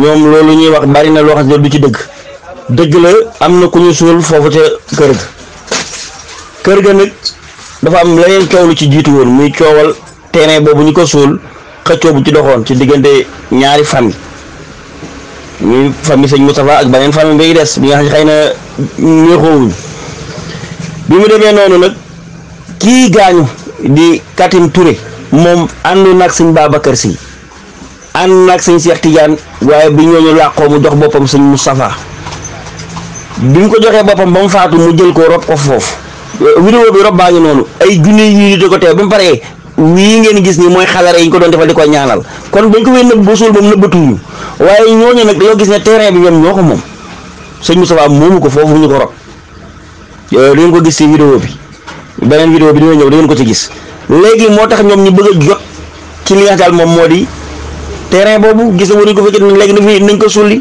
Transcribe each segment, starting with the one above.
ñoom loolu ñuy wax bari na loo xam ne du ci dëgg dëgg la am na ku ñu suul foofu ca kër ga kër ga nag dafa am leneen coow lu ci jiitu woon muy coowal terrain boobu ñu ko suul xëccoo bu ci doxoon ci diggante ñaari famille muy famille sëñ Moustapha ak beneen famille bay des bi nga xam xay na ñeexoowuñ bi mu demee noonu nag kii gaañu di Katim ture moom àndu nag baaba kër Sy an ak seigne Cheikh Tidiane waaye bi ñooñu làqoo mu jox bopam seigne Moustapha bi mu ko joxe bopam bam faatu mu jël ko rob ko fof euh, vidéo bi rob baa nonu ay jinné yu ñu di ko teew ba mu ngeen gis ni moy xalare yi ko doon defal diko ñaanal kon bañ ko wéy nëbb ba suul ñu waye waaye ñooñu nag dañoo gis ne terrain bi ñom ñoko mom seigne sëñ Moustapha moomu ko fofu ñu ko rob euh, di ngeen ko gis ci vidéo bi benen vidéo bi ñu ñew da ngeen ko ci gis légui motax ñom ñu bëgg a jot ci li nga dal mom modi terrain boobu gis nga waruñu ko fa jënd léegi dafay nañ ko sulli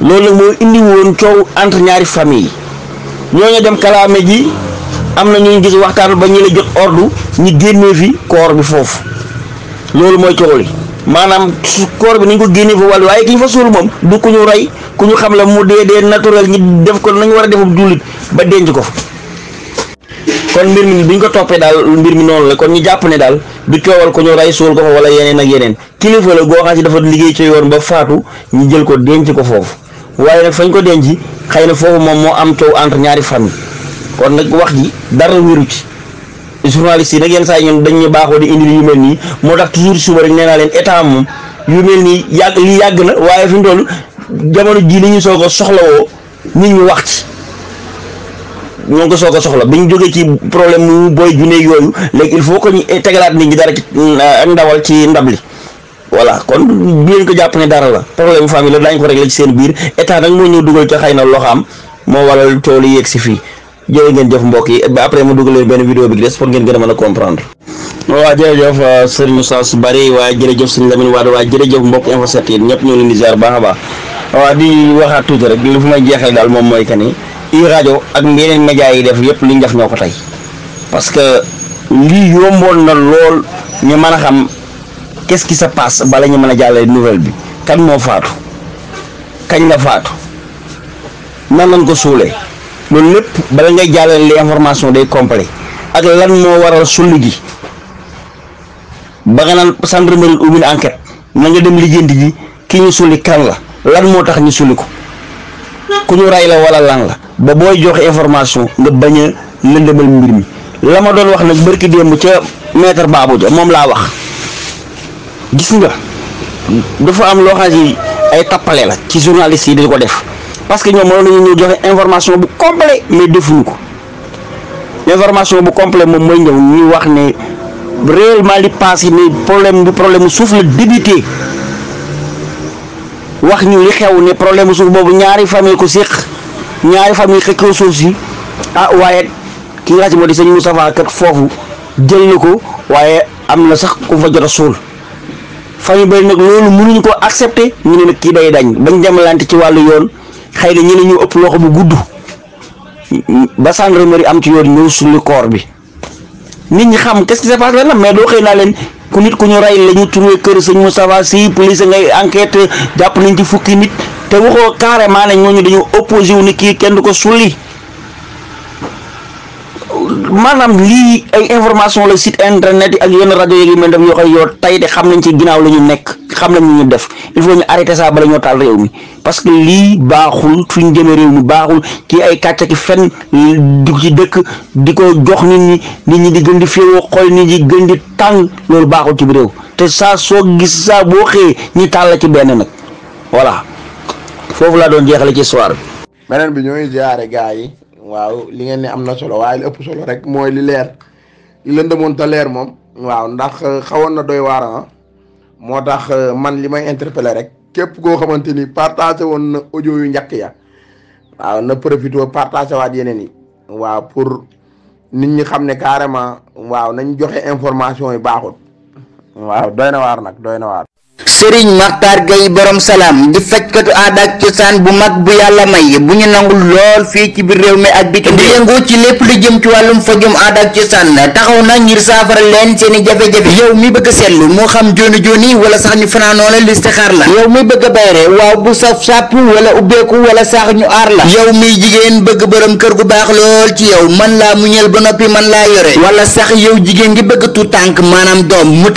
loolu nag moo indi woon coow entre ñaari ñoo ñooñu dem kalaame ji am na ñu gis waxtaan ba ñu la jot ordre ñu génnee fi koor bi foofu loolu mooy coow li maanaam su koor bi nañ ko génnee fa wàll waaye ki ñu fa suul moom du ku ñu rey ku ñu xam la mu dee dee naturel ñi def ko nañu war a def jullit ba denc ko kon mbir mi bi ñu ko toppee daal mbir mi noonu la kon ñu jàpp ne daal. du coowal ko ñu rey suul ko fa wala yeneen ak yeneen kilifa la goo xam si dafa liggéey ci yoon ba faatu ñu jël ko denc ko foofu waaye nag fañ ko denc xëy na foofu moom moo am coow entre ñaari famille kon nag wax ji dara wéru ci journaliste yi nag yenn saa yi ñun dañ ñu baaxoo di indi yu mel nii moo tax toujours suba rek nee naa leen état moom yu mel nii yàgg lii yàgg na waaye fi mu toll jamono jii li ñu soog a soxlawoo nit ñi wax ci ñoo ngi ko soog a soxla bi ñu jógee ci problème mu booy junne yooyu léegi il faut que ñu tegalaat nit ñi dara ci mm, ak ndawal ci ndab li voilà kon bu leen ko jàpp ne dara la problème famille la daañu ko réglé ci seen biir état nag moo ñëw dugal ca xëy na am moo waral coow li yegg fii jërë ngeen jëf mbokk yi ba après mu dugal leen bi des pour ngeen gën a a comprendre. waaw jërëjëf euh, sëriñ su bari waaye jërëjëf sëriñ Lamine Wade waaye jërëjëf mbokk Info 7 yi ñëpp ñoo leen di ziar baax a baax waaw di waxaat tuuti rek li fi may jeexal daal moom mooy que ni i radio ak yeneen media yi def yépp liñ def ñoko tay parce que li yombon na lool ñu mëna a xam qu'est-ce qui se passe ba lañu mëna a nouvelle bi kan mo faatu kañ nga faatu nan lañ ko suulee lepp ba bala ngay jàllale li information day complet ak lan mo waral sulli gi ba nga naan gendarmerie ubbi na enquête na nga dem lijjanti gi ki ñu sulli kan la lan mo tax ñu sulli ko ku ñu ray la wala lan la ba boy jox information nga baña lendeul mbir mi lama doon wax nak barki dembu ca maître baabu ja mom la wax gis nga dafa am lo xam ay tapalé la ci journaliste yi di ko def parce que ñom mo lañu ñu joxe information bu complet mais defuñu ko information bu complet mom moy ñew ñi wax ne réellement li passé ni problème du problème suuf la débuté wax ñu li xew ne problème suuf bobu ñaari famille ko séq ñaari famille xëccoo suuf si ah waaye ki nga xam moo di sëñ Moustapha kat foofu jël na ko waaye am na sax ku fa jot a suul famille ba nag loolu mënuñu ko accepter ñu ne nag kii day dañ bañ demalante ci wàllu yoon xëy na ñi ne ñu ëpp loxo bu gudd ba gendarmerie am ci yoon ñëw suñu koor bi nit ñi xam qu'est-ce qui se passe la mais doo xëy naa leen ku nit ku ñu rey la ñu trouvé kër sëñ Moustapha si police ngay enquête jàpp nañ ci fukki nit. te waxoo carrément ne ñooñu dañoo opposé wu ni kii kenn du ko sulli maanaam lii ay information la site internet yi ak yenn rajo yi mel def yoo xam yoo tey de xam nañ ci ginnaaw la ñu nekk xam nañ ñu def il faut ñu arrêté ça bala ñoo taal réew mi parce que lii baaxul suñ jëmee réew mi baaxul kii ay kàcca ki fen di ci dëkk di ko jox nit ñi nit ñi di gën di féewoo xool nit ñi gën di tàng loolu baaxul ci bi réew te sa soo gis saa boo xëyee ñi taal ci benn nag voilà foofu laa doon jeexale ci soir bi. beneen bi ñooy jaare gars yi waaw li ngeen ne am na solo waaye li ëpp solo rek mooy li leer li leen demoon te leer moom. waaw ndax euh, xawoon na doy waar ah. moo tax euh, man li may interpeller rek képp koo xamante ni partagé woon na audio yu njëkk ya waaw na profité partagé waat yeneen yi waaw pour nit ñi xam ne carrément waaw nañ joxe information yi baaxul waaw doy na waar nag doy na waar. sëriñ maxtaar gay boroom salaam di fajkatu aada cosaan bu mag bu yàlla may bu ñu nangu lool fii ci biir réew mi ak bitim di yëngu ci lépp lu jëm ci wàllum fajum aada ak cosaan taxaw na ngir saafara leen seeni jafe-jafe yow mi bëgg a seetlu moo xam joni joni wala sax ñu fanaanoo la listixaar la yow mi bëgg a bayre waaw bu saf sàpp wala ubbeeku wala sax ñu aar la yow mi jigéen bëgg borom kër gu baax lool ci yow man laa muñal ba noppi man laa yore wala sax yow jigéen gi bëgg tànk maanaam doom mu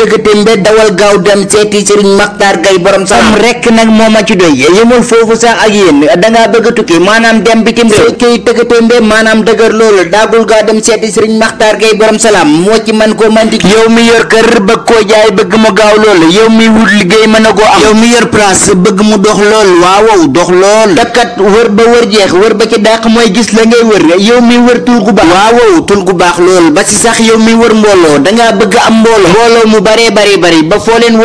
Maxtaar Gay borom salaam rek nag moo ma ci doy yëmul foofu sax ak yéen dangaa bëgg a tukki maanaam dem bitim réew këy tëggatémbe maanaam dëgër loolu daagul gaa dem seeti sëriñ Maxtaar Gay borom salaam moo ci man koo manti yow mi yor kër bëgg koo jaay bëgg mu gaaw loolu yow mi wut liggéey mën a koo am yow mi yor place bëgg mu dox lool waawow dox lool takkat wër ba wër jeex wër ba ci dàq mooy gis la ngay wër yow mi wër tul gu baax waawow tul gu baax lool ba ba foo leen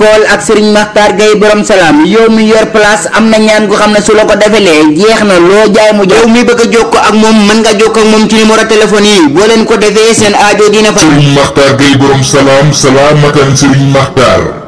xool ak sëriñ maxtaar gay borom salaam yow mi yor place am na ñaan gu xam ne su la ko defelee jeex na loo jaay mu jaay yow mi bëgg a jokko ak moom mën nga jokko ak moom ci numéro téléphone yi boo leen ko defee seen aajo dina fa sëriñ maxtaar gay borom salaam salaam makan sëriñ maxtaar